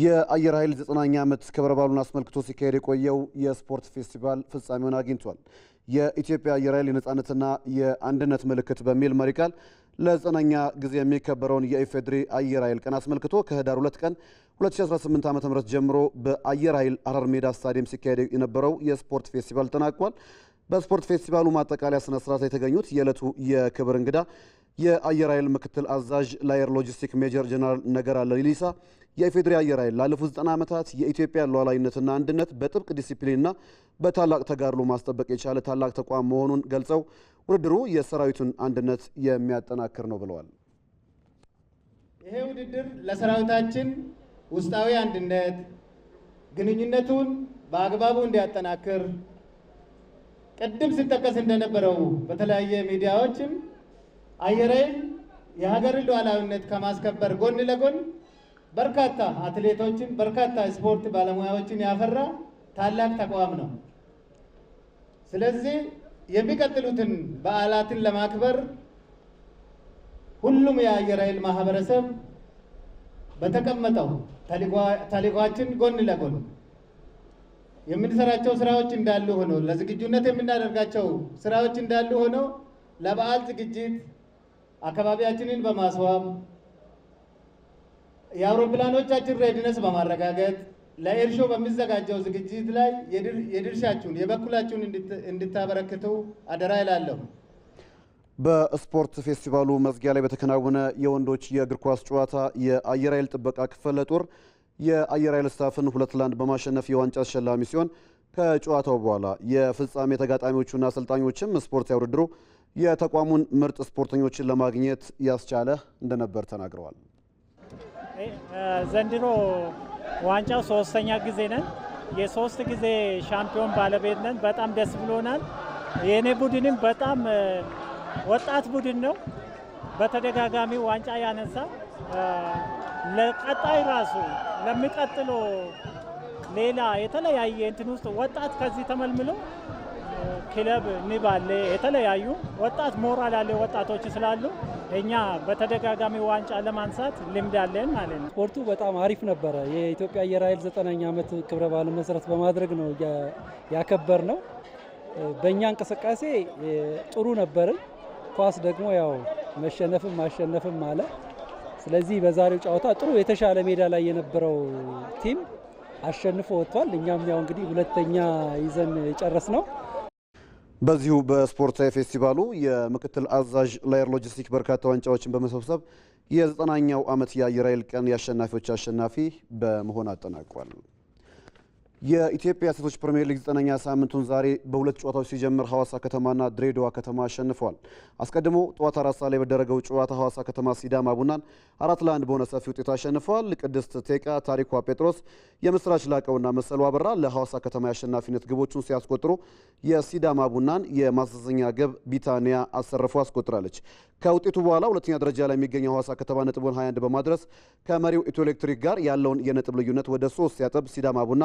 የአየር ኃይል ዘጠናኛ ዓመት ክብረ በዓሉን አስመልክቶ ሲካሄድ የቆየው የስፖርት ፌስቲቫል ፍጻሜውን አግኝቷል። የኢትዮጵያ አየር ኃይል የነፃነትና የአንድነት ምልክት በሚል መሪ ቃል ለዘጠነኛ ጊዜ የሚከበረውን የኢፌድሪ አየር ኃይል ቀን አስመልክቶ ከህዳር 2 ቀን 2018 ዓ ም ጀምሮ በአየር ኃይል አረር ሜዳ ስታዲየም ሲካሄድ የነበረው የስፖርት ፌስቲቫል ተናቋል። በስፖርት ፌስቲቫሉ ማጠቃለያ ስነስርዓት የተገኙት የዕለቱ የክብር እንግዳ የአየር ኃይል ምክትል አዛዥ ላየር ሎጂስቲክ ሜጀር ጀነራል ነገራ ሊሊሳ የኢፌዴሪ አየር ኃይል ላለፉት ዘጠና ዓመታት የኢትዮጵያ ሉዓላዊነትና አንድነት በጥብቅ ዲሲፕሊንና በታላቅ ተጋድሎ ማስጠበቅ የቻለ ታላቅ ተቋም መሆኑን ገልጸው ውድድሩ የሰራዊቱን አንድነት የሚያጠናክር ነው ብለዋል። ይሄ ውድድር ለሰራዊታችን ውስጣዊ አንድነት ግንኙነቱን በአግባቡ እንዲያጠናክር ቅድም ሲጠቀስ እንደነበረው በተለያየ ሚዲያዎችም አየር ኃይል የሀገርን ሉዓላዊነት ከማስከበር ጎን ለጎን በርካታ አትሌቶችን በርካታ ስፖርት ባለሙያዎችን ያፈራ ታላቅ ተቋም ነው። ስለዚህ የሚቀጥሉትን በዓላትን ለማክበር ሁሉም የአየር ኃይል ማህበረሰብ በተቀመጠው ተልዕኳችን ጎን ለጎን የምንሰራቸው ስራዎች እንዳሉ ሆኖ ለዝግጁነት የምናደርጋቸው ስራዎች እንዳሉ ሆኖ ለበዓል ዝግጅት አካባቢያችንን በማስዋብ የአውሮፕላኖቻችን ሬድነስ በማረጋገጥ ለኤርሾ በሚዘጋጀው ዝግጅት ላይ የድርሻችሁን የበኩላችሁን እንድታበረክቱ አደራ ይላለሁ። በስፖርት ፌስቲቫሉ መዝጊያ ላይ በተከናወነ የወንዶች የእግር ኳስ ጨዋታ የአየር ኃይል ጥበቃ ክፍለ ጦር የአየር ኃይል ስታፍን ሁለት ለአንድ በማሸነፍ የዋንጫ አሸላሚ ሲሆን ከጨዋታው በኋላ የፍጻሜ ተጋጣሚዎቹና አሰልጣኞችም ስፖርታዊ ውድድሩ የተቋሙን ምርጥ ስፖርተኞችን ለማግኘት ያስቻለ እንደነበር ተናግረዋል። ዘንድሮ ዋንጫው ሶስተኛ ጊዜ ነን። የሶስት ጊዜ ሻምፒዮን ባለቤት ነን። በጣም ደስ ብሎናል። የእኔ ቡድንም በጣም ወጣት ቡድን ነው። በተደጋጋሚ ዋንጫ ያነሳ ለቀጣይ ራሱ ለሚቀጥሎ ሌላ የተለያየ እንትን ውስጥ ወጣት ከዚህ ተመልምሎ ክለብ ንብ አለ የተለያዩ ወጣት ሞራል ያለ ወጣቶች ስላሉ እኛ በተደጋጋሚ ዋንጫ ለማንሳት ልምድ አለን ማለት ነው። ስፖርቱ በጣም አሪፍ ነበረ። የኢትዮጵያ አየር ኃይል ዘጠናኛ ዓመት ክብረ በዓልን መሰረት በማድረግ ነው ያከበር ነው። በእኛ እንቅስቃሴ ጥሩ ነበርን። ኳስ ደግሞ ያው መሸነፍም ማሸነፍም አለ። ስለዚህ በዛሬው ጨዋታ ጥሩ የተሻለ ሜዳ ላይ የነበረው ቲም አሸንፎ ወጥቷል። እኛም ያው እንግዲህ ሁለተኛ ይዘን የጨረስ ነው በዚሁ በስፖርታዊ ፌስቲቫሉ የምክትል አዛዥ ላየር ሎጂስቲክ በርካታ ዋንጫዎችን በመሰብሰብ የዘጠናኛው ዓመት የአየር ኃይል ቀን የአሸናፊዎች አሸናፊ በመሆን አጠናቋል። የኢትዮጵያ ሴቶች ፕሪምየር ሊግ ዘጠነኛ ሳምንቱን ዛሬ በሁለት ጨዋታዎች ሲጀምር ሐዋሳ ከተማና ድሬዳዋ ከተማ አሸንፈዋል። አስቀድሞ ጠዋት አራት ሰዓት ላይ በደረገው ጨዋታ ሐዋሳ ከተማ ሲዳማ ቡናን አራት ለአንድ በሆነ ሰፊ ውጤት አሸንፈዋል። ቅድስት ቴቃ፣ ታሪኳ ጴጥሮስ፣ የምስራች ላቀውና መሰሉ አበራ ለሐዋሳ ከተማ የአሸናፊነት ግቦቹን ሲያስቆጥሩ የሲዳማ ቡናን የማዘዘኛ ግብ ቢታንያ አሰርፎ አስቆጥራለች። ከውጤቱ በኋላ ሁለተኛ ደረጃ ላይ የሚገኘው ሐዋሳ ከተማ ነጥቡን 21 በማድረስ ከመሪው ኢትዮ ኤሌክትሪክ ጋር ያለውን የነጥብ ልዩነት ወደ ሶስት ሲያጠብ ሲዳማ ቡና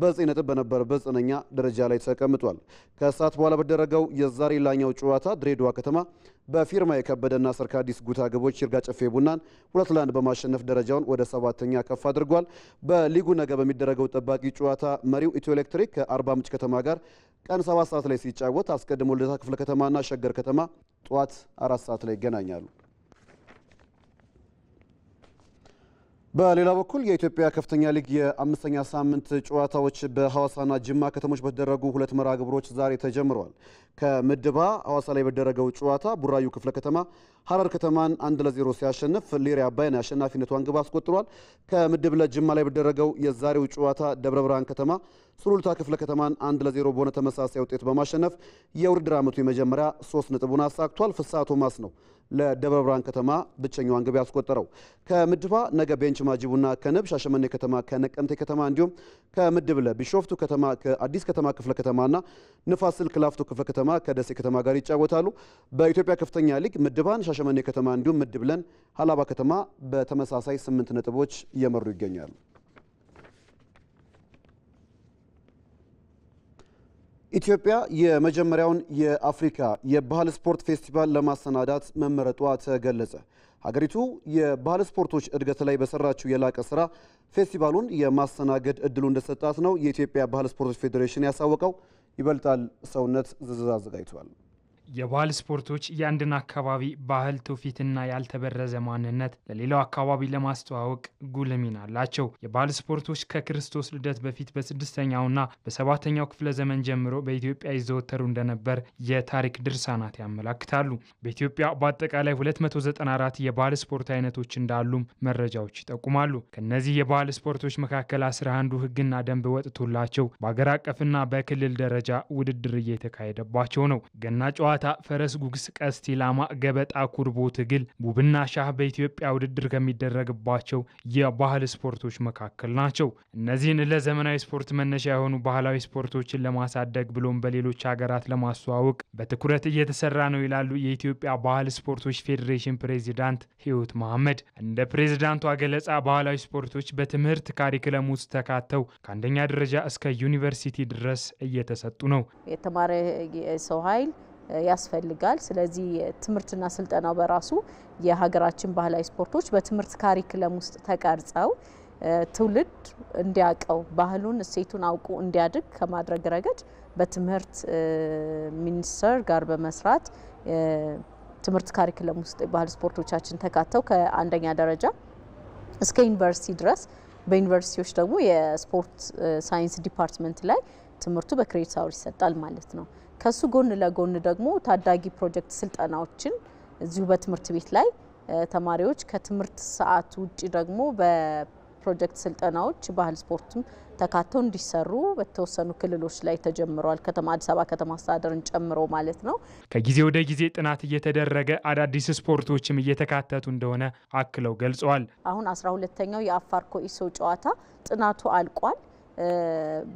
በዘጠኝ ነጥብ በነበረበት ዘጠነኛ ደረጃ ላይ ተቀምጧል። ከሰዓት በኋላ በደረገው የዛሬ ላኛው ጨዋታ ድሬዳዋ ከተማ በፊርማ የከበደና ሰርካዲስ ጉታ ግቦች ይርጋ ጨፌ ቡናን ሁለት ለአንድ በማሸነፍ ደረጃውን ወደ ሰባተኛ ከፍ አድርጓል። በሊጉ ነገ በሚደረገው ጠባቂ ጨዋታ መሪው ኢትዮ ኤሌክትሪክ ከአርባ ምንጭ ከተማ ጋር ቀን ሰባት ሰዓት ላይ ሲጫወት አስቀድሞ ልደታ ክፍለ ከተማና ሸገር ከተማ ጠዋት አራት ሰዓት ላይ ይገናኛሉ። በሌላ በኩል የኢትዮጵያ ከፍተኛ ሊግ የአምስተኛ ሳምንት ጨዋታዎች በሐዋሳና ጅማ ከተሞች በተደረጉ ሁለት መርሃ ግብሮች ዛሬ ተጀምረዋል። ከምድባ ሐዋሳ ላይ በደረገው ጨዋታ ቡራዩ ክፍለ ከተማ ሐረር ከተማን አንድ ለዜሮ ሲያሸንፍ ሊሬ አባይን አሸናፊነቷን ግብ አስቆጥሯል። ከምድብ ለጅማ ላይ በደረገው የዛሬው ጨዋታ ደብረ ብርሃን ከተማ ሱሉልታ ክፍለ ከተማን አንድ ለዜሮ በሆነ ተመሳሳይ ውጤት በማሸነፍ የውድድር ዓመቱ የመጀመሪያ ሶስት ነጥቡን አሳክቷል። ፍስሐ ቶማስ ነው ለደብረ ብርሃን ከተማ ብቸኛዋን ግብ ያስቆጠረው። ከምድባ ነገ ቤንች ማጂቡና ከንብ፣ ሻሸመኔ ከተማ ከነቀምቴ ከተማ እንዲሁም ከምድብ ቢሾፍቱ ከተማ ከአዲስ ከተማ ክፍለ ከተማና ንፋስ ስልክ ላፍቶ ክፍለ ከተማ ከደሴ ከተማ ጋር ይጫወታሉ። በኢትዮጵያ ከፍተኛ ሊግ ምድባን ሻሸመኔ ከተማ እንዲሁም ምድብለን ሀላባ ከተማ በተመሳሳይ ስምንት ነጥቦች እየመሩ ይገኛሉ። ኢትዮጵያ የመጀመሪያውን የአፍሪካ የባህል ስፖርት ፌስቲቫል ለማሰናዳት መመረጧ ተገለጸ። ሀገሪቱ የባህል ስፖርቶች እድገት ላይ በሰራችው የላቀ ስራ ፌስቲቫሉን የማስተናገድ እድሉ እንደሰጣት ነው የኢትዮጵያ ባህል ስፖርቶች ፌዴሬሽን ያሳወቀው። ይበልጣል ሰውነት ዝርዝር አዘጋጅቷል። የባህል ስፖርቶች የአንድን አካባቢ ባህል ትውፊትና ያልተበረዘ ማንነት ለሌላው አካባቢ ለማስተዋወቅ ጉልህ ሚና አላቸው። የባህል ስፖርቶች ከክርስቶስ ልደት በፊት በስድስተኛውና በሰባተኛው ክፍለ ዘመን ጀምሮ በኢትዮጵያ ይዘወተሩ እንደነበር የታሪክ ድርሳናት ያመላክታሉ። በኢትዮጵያ በአጠቃላይ 294 የባህል ስፖርት አይነቶች እንዳሉም መረጃዎች ይጠቁማሉ። ከእነዚህ የባህል ስፖርቶች መካከል አስራ አንዱ ህግና ደንብ ወጥቶላቸው በአገር አቀፍና በክልል ደረጃ ውድድር እየተካሄደባቸው ነው። ገና ጨዋታ ዳታ፣ ፈረስ ጉግስ፣ ቀስት ኢላማ፣ ገበጣ፣ ኩርቦ፣ ትግል፣ ቡብና ሻህ በኢትዮጵያ ውድድር ከሚደረግባቸው የባህል ስፖርቶች መካከል ናቸው። እነዚህን ለዘመናዊ ስፖርት መነሻ የሆኑ ባህላዊ ስፖርቶችን ለማሳደግ ብሎም በሌሎች ሀገራት ለማስተዋወቅ በትኩረት እየተሰራ ነው ይላሉ የኢትዮጵያ ባህል ስፖርቶች ፌዴሬሽን ፕሬዚዳንት ህይወት መሐመድ። እንደ ፕሬዚዳንቷ ገለጻ ባህላዊ ስፖርቶች በትምህርት ካሪክለም ውስጥ ተካተው ከአንደኛ ደረጃ እስከ ዩኒቨርሲቲ ድረስ እየተሰጡ ነው። የተማረ ሰው ኃይል ያስፈልጋል። ስለዚህ ትምህርትና ስልጠናው በራሱ የሀገራችን ባህላዊ ስፖርቶች በትምህርት ካሪክለም ውስጥ ተቀርጸው ትውልድ እንዲያቀው ባህሉን እሴቱን አውቁ እንዲያድግ ከማድረግ ረገድ በትምህርት ሚኒስቴር ጋር በመስራት ትምህርት ካሪክለም ውስጥ የባህል ስፖርቶቻችን ተካተው ከአንደኛ ደረጃ እስከ ዩኒቨርሲቲ ድረስ በዩኒቨርሲቲዎች ደግሞ የስፖርት ሳይንስ ዲፓርትመንት ላይ ትምህርቱ በክሬዲት አወር ይሰጣል ማለት ነው። ከሱ ጎን ለጎን ደግሞ ታዳጊ ፕሮጀክት ስልጠናዎችን እዚሁ በትምህርት ቤት ላይ ተማሪዎች ከትምህርት ሰዓት ውጭ ደግሞ በፕሮጀክት ስልጠናዎች ባህል፣ ስፖርትም ተካተው እንዲሰሩ በተወሰኑ ክልሎች ላይ ተጀምረዋል። ከተማ አዲስ አበባ ከተማ አስተዳደርን ጨምሮ ማለት ነው። ከጊዜ ወደ ጊዜ ጥናት እየተደረገ አዳዲስ ስፖርቶችም እየተካተቱ እንደሆነ አክለው ገልጸዋል። አሁን አስራ ሁለተኛው የአፋር ኮኢሶ ጨዋታ ጥናቱ አልቋል።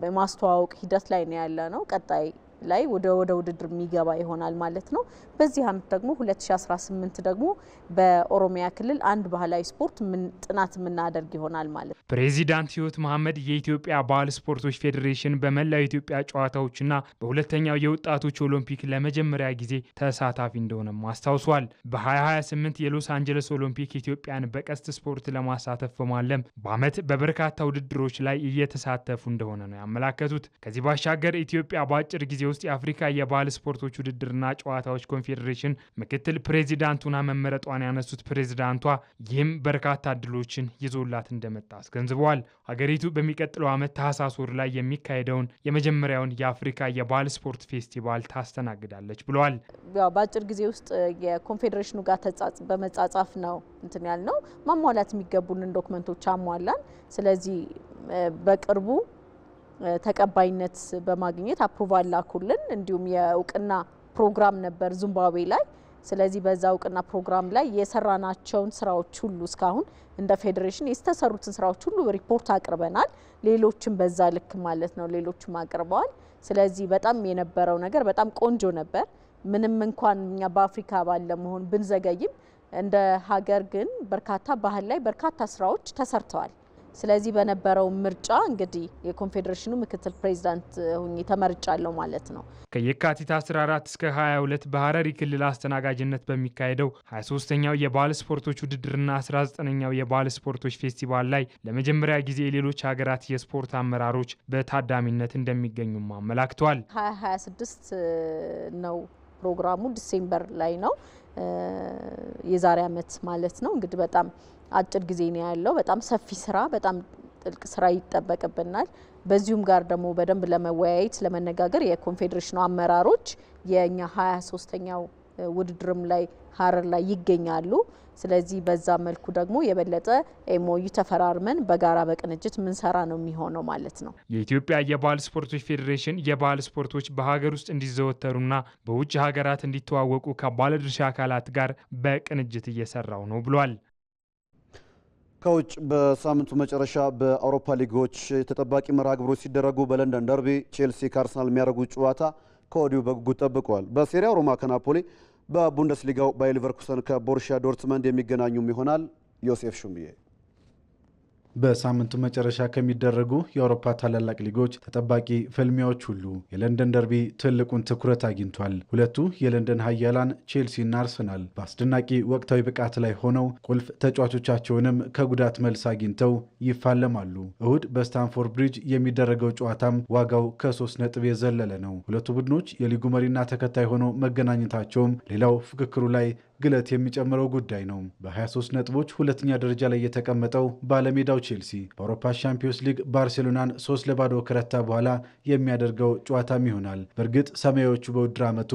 በማስተዋወቅ ሂደት ላይ ነው ያለ ነው። ቀጣይ ላይ ወደ ወደ ውድድር የሚገባ ይሆናል ማለት ነው። በዚህ አመት ደግሞ 2018 ደግሞ በኦሮሚያ ክልል አንድ ባህላዊ ስፖርት ጥናት የምናደርግ ይሆናል ማለት ነው። ፕሬዚዳንት ህይወት መሀመድ የኢትዮጵያ ባህል ስፖርቶች ፌዴሬሽን በመላው ኢትዮጵያ ጨዋታዎችና በሁለተኛው የወጣቶች ኦሎምፒክ ለመጀመሪያ ጊዜ ተሳታፊ እንደሆነም አስታውሷል። በ2028 የሎስ አንጀለስ ኦሎምፒክ ኢትዮጵያን በቀስት ስፖርት ለማሳተፍ በማለም በአመት በበርካታ ውድድሮች ላይ እየተሳተፉ እንደሆነ ነው ያመላከቱት። ከዚህ ባሻገር ኢትዮጵያ በአጭር ጊዜ ውስጥ የአፍሪካ የባህል ስፖርቶች ውድድርና ጨዋታዎች ኮንፌዴሬሽን ምክትል ፕሬዚዳንቱና መመረጧን ያነሱት ፕሬዚዳንቷ ይህም በርካታ እድሎችን ይዞላት እንደመጣ አስገንዝበዋል። ሀገሪቱ በሚቀጥለው ዓመት ታህሳስ ወር ላይ የሚካሄደውን የመጀመሪያውን የአፍሪካ የባህል ስፖርት ፌስቲቫል ታስተናግዳለች ብለዋል። በአጭር ጊዜ ውስጥ የኮንፌዴሬሽኑ ጋር በመጻጻፍ ነው እንትን ያልነው ማሟላት የሚገቡልን ዶክመንቶች አሟላን። ስለዚህ በቅርቡ ተቀባይነት በማግኘት አፕሩቫል ላኩልን። እንዲሁም የእውቅና ፕሮግራም ነበር ዚምባብዌ ላይ። ስለዚህ በዛ እውቅና ፕሮግራም ላይ የሰራናቸውን ስራዎች ሁሉ እስካሁን እንደ ፌዴሬሽን የተሰሩትን ስራዎች ሁሉ ሪፖርት አቅርበናል። ሌሎችም በዛ ልክ ማለት ነው ሌሎችም አቅርበዋል። ስለዚህ በጣም የነበረው ነገር በጣም ቆንጆ ነበር። ምንም እንኳን እኛ በአፍሪካ ባለ መሆን ብንዘገይም እንደ ሀገር ግን በርካታ ባህል ላይ በርካታ ስራዎች ተሰርተዋል። ስለዚህ በነበረው ምርጫ እንግዲህ የኮንፌዴሬሽኑ ምክትል ፕሬዚዳንት ሁኜ ተመርጫለሁ ማለት ነው። ከየካቲት 14 እስከ 22 በሀረሪ ክልል አስተናጋጅነት በሚካሄደው 23ኛው የባህል ስፖርቶች ውድድርና 19ኛው የባህል ስፖርቶች ፌስቲቫል ላይ ለመጀመሪያ ጊዜ የሌሎች ሀገራት የስፖርት አመራሮች በታዳሚነት እንደሚገኙም አመላክተዋል። 2026 ነው ፕሮግራሙ ዲሴምበር ላይ ነው የዛሬ አመት ማለት ነው እንግዲህ በጣም አጭር ጊዜ ነው ያለው። በጣም ሰፊ ስራ፣ በጣም ጥልቅ ስራ ይጠበቅብናል። በዚሁም ጋር ደግሞ በደንብ ለመወያየት ለመነጋገር የኮንፌዴሬሽኑ አመራሮች የእኛ ሀያ ሶስተኛው ውድድርም ላይ ሀረር ላይ ይገኛሉ። ስለዚህ በዛ መልኩ ደግሞ የበለጠ ኤሞዩ ተፈራርመን በጋራ በቅንጅት ምንሰራ ነው የሚሆነው ማለት ነው። የኢትዮጵያ የባህል ስፖርቶች ፌዴሬሽን የባህል ስፖርቶች በሀገር ውስጥ እንዲዘወተሩና በውጭ ሀገራት እንዲተዋወቁ ከባለድርሻ አካላት ጋር በቅንጅት እየሰራው ነው ብሏል። ከውጭ በሳምንቱ መጨረሻ በአውሮፓ ሊጎች ተጠባቂ መርሃ ግብሮች ሲደረጉ በለንደን ደርቢ ቼልሲ ከአርሰናል የሚያደርጉት ጨዋታ ከወዲሁ በጉጉት ጠብቀዋል። በሴሪያው ሮማ ከናፖሊ፣ በቡንደስሊጋው ባየር ሌቨርኩሰን ከቦሩሺያ ዶርትመንድ የሚገናኙም ይሆናል። ዮሴፍ ሹምዬ በሳምንቱ መጨረሻ ከሚደረጉ የአውሮፓ ታላላቅ ሊጎች ተጠባቂ ፍልሚያዎች ሁሉ የለንደን ደርቢ ትልቁን ትኩረት አግኝቷል። ሁለቱ የለንደን ኃያላን ቼልሲና አርሰናል በአስደናቂ ወቅታዊ ብቃት ላይ ሆነው ቁልፍ ተጫዋቾቻቸውንም ከጉዳት መልስ አግኝተው ይፋለማሉ። እሁድ በስታንፎርድ ብሪጅ የሚደረገው ጨዋታም ዋጋው ከሶስት ነጥብ የዘለለ ነው። ሁለቱ ቡድኖች የሊጉ መሪና ተከታይ ሆነው መገናኘታቸውም ሌላው ፍክክሩ ላይ ግለት የሚጨምረው ጉዳይ ነው። በ23 ነጥቦች ሁለተኛ ደረጃ ላይ የተቀመጠው ባለሜዳው ቼልሲ በአውሮፓ ሻምፒዮንስ ሊግ ባርሴሎናን ሶስት ለባዶ ከረታ በኋላ የሚያደርገው ጨዋታም ይሆናል። በእርግጥ ሰማያዎቹ በውድድር ዓመቱ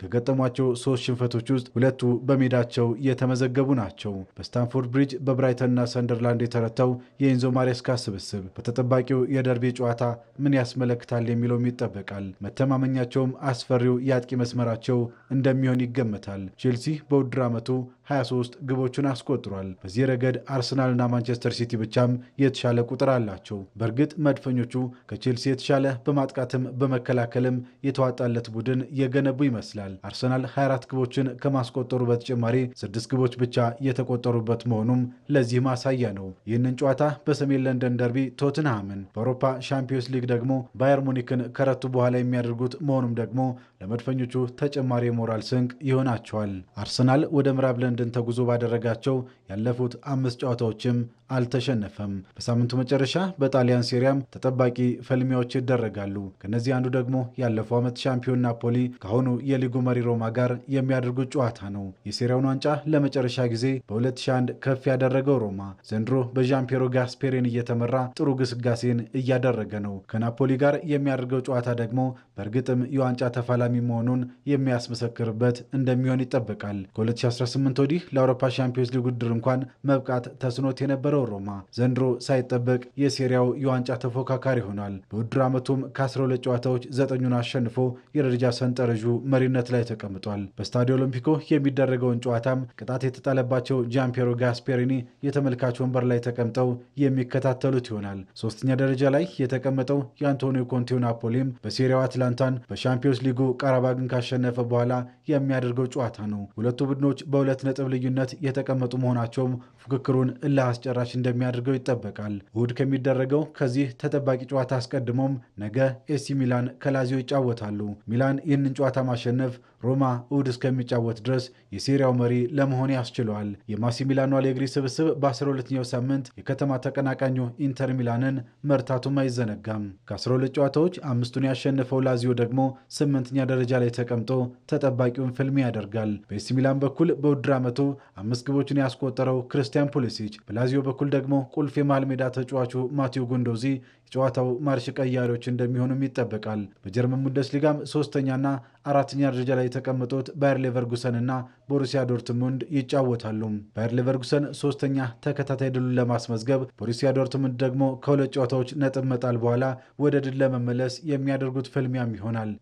ከገጠሟቸው ሶስት ሽንፈቶች ውስጥ ሁለቱ በሜዳቸው የተመዘገቡ ናቸው። በስታንፎርድ ብሪጅ በብራይተንና ሰንደርላንድ የተረታው የኢንዞ ማሬስካ ስብስብ በተጠባቂው የደርቤ ጨዋታ ምን ያስመለክታል የሚለውም ይጠበቃል። መተማመኛቸውም አስፈሪው የአጥቂ መስመራቸው እንደሚሆን ይገመታል። ቼልሲ በውድድር ዓመቱ 23 ግቦቹን አስቆጥሯል። በዚህ ረገድ አርሰናልና ማንቸስተር ሲቲ ብቻም የተሻለ ቁጥር አላቸው። በእርግጥ መድፈኞቹ ከቼልሲ የተሻለ በማጥቃትም በመከላከልም የተዋጣለት ቡድን የገነቡ ይመስላል። ይላል። አርሰናል 24 ግቦችን ከማስቆጠሩ በተጨማሪ ስድስት ግቦች ብቻ የተቆጠሩበት መሆኑም ለዚህ ማሳያ ነው። ይህንን ጨዋታ በሰሜን ለንደን ደርቢ ቶትንሃምን፣ በአውሮፓ ሻምፒዮንስ ሊግ ደግሞ ባየር ሙኒክን ከረቱ በኋላ የሚያደርጉት መሆኑም ደግሞ ለመድፈኞቹ ተጨማሪ የሞራል ስንቅ ይሆናቸዋል። አርሰናል ወደ ምዕራብ ለንደን ተጉዞ ባደረጋቸው ያለፉት አምስት ጨዋታዎችም አልተሸነፈም። በሳምንቱ መጨረሻ በጣሊያን ሴሪያም ተጠባቂ ፍልሚያዎች ይደረጋሉ። ከነዚህ አንዱ ደግሞ ያለፈው ዓመት ሻምፒዮን ናፖሊ ከአሁኑ የሊጉ ከሊጉ መሪ ሮማ ጋር የሚያደርጉት ጨዋታ ነው። የሴሪያውን ዋንጫ ለመጨረሻ ጊዜ በ2001 ከፍ ያደረገው ሮማ ዘንድሮ በዣምፔሮ ጋስፔሬን እየተመራ ጥሩ ግስጋሴን እያደረገ ነው። ከናፖሊ ጋር የሚያደርገው ጨዋታ ደግሞ በእርግጥም የዋንጫ ተፋላሚ መሆኑን የሚያስመሰክርበት እንደሚሆን ይጠበቃል። ከ2018 ወዲህ ለአውሮፓ ሻምፒዮንስ ሊግ ውድድር እንኳን መብቃት ተስኖት የነበረው ሮማ ዘንድሮ ሳይጠበቅ የሴሪያው የዋንጫ ተፎካካሪ ሆኗል። በውድድር ዓመቱም ከ12 ጨዋታዎች ዘጠኙን አሸንፎ የደረጃ ሰንጠረዡ መሪነት ጥረት ላይ ተቀምጧል። በስታዲዮ ኦሎምፒኮ የሚደረገውን ጨዋታም ቅጣት የተጣለባቸው ጃምፔሮ ጋስፔሪኒ የተመልካች ወንበር ላይ ተቀምጠው የሚከታተሉት ይሆናል። ሶስተኛ ደረጃ ላይ የተቀመጠው የአንቶኒዮ ኮንቴው ናፖሊም በሴሪያው አትላንታን በሻምፒዮንስ ሊጉ ቃራባግን ካሸነፈ በኋላ የሚያደርገው ጨዋታ ነው። ሁለቱ ቡድኖች በሁለት ነጥብ ልዩነት የተቀመጡ መሆናቸውም ፉክክሩን እልህ አስጨራሽ እንደሚያደርገው ይጠበቃል። እሁድ ከሚደረገው ከዚህ ተጠባቂ ጨዋታ አስቀድሞም ነገ ኤሲ ሚላን ከላዚዮ ይጫወታሉ። ሚላን ይህንን ጨዋታ ማሸነፍ of ሮማ እሁድ እስከሚጫወት ድረስ የሴሪያው መሪ ለመሆን ያስችለዋል። የማሲሚላኖ አሌግሪ ስብስብ በ12ኛው ሳምንት የከተማ ተቀናቃኙ ኢንተር ሚላንን መርታቱም አይዘነጋም። ከ12 ጨዋታዎች አምስቱን ያሸነፈው ላዚዮ ደግሞ ስምንተኛ ደረጃ ላይ ተቀምጦ ተጠባቂውን ፍልም ያደርጋል። በኤሲ ሚላን በኩል በውድድር ዓመቱ አምስት ግቦችን ያስቆጠረው ክርስቲያን ፑሊሲች፣ በላዚዮ በኩል ደግሞ ቁልፍ የመሃል ሜዳ ተጫዋቹ ማቴዎ ጎንዶዚ የጨዋታው ማርሽ ቀያሪዎች እንደሚሆኑም ይጠበቃል። በጀርመን ሊጋም ሶስተኛና አራተኛ ደረጃ ላይ የተቀመጡት ባየር ሌቨርጉሰን እና ቦሩሲያ ዶርትሙንድ ይጫወታሉ። ባየር ሌቨርጉሰን ሶስተኛ ተከታታይ ድሉን ለማስመዝገብ፣ ቦሩሲያ ዶርትሙንድ ደግሞ ከሁለት ጨዋታዎች ነጥብ መጣል በኋላ ወደ ድል ለመመለስ የሚያደርጉት ፍልሚያም ይሆናል።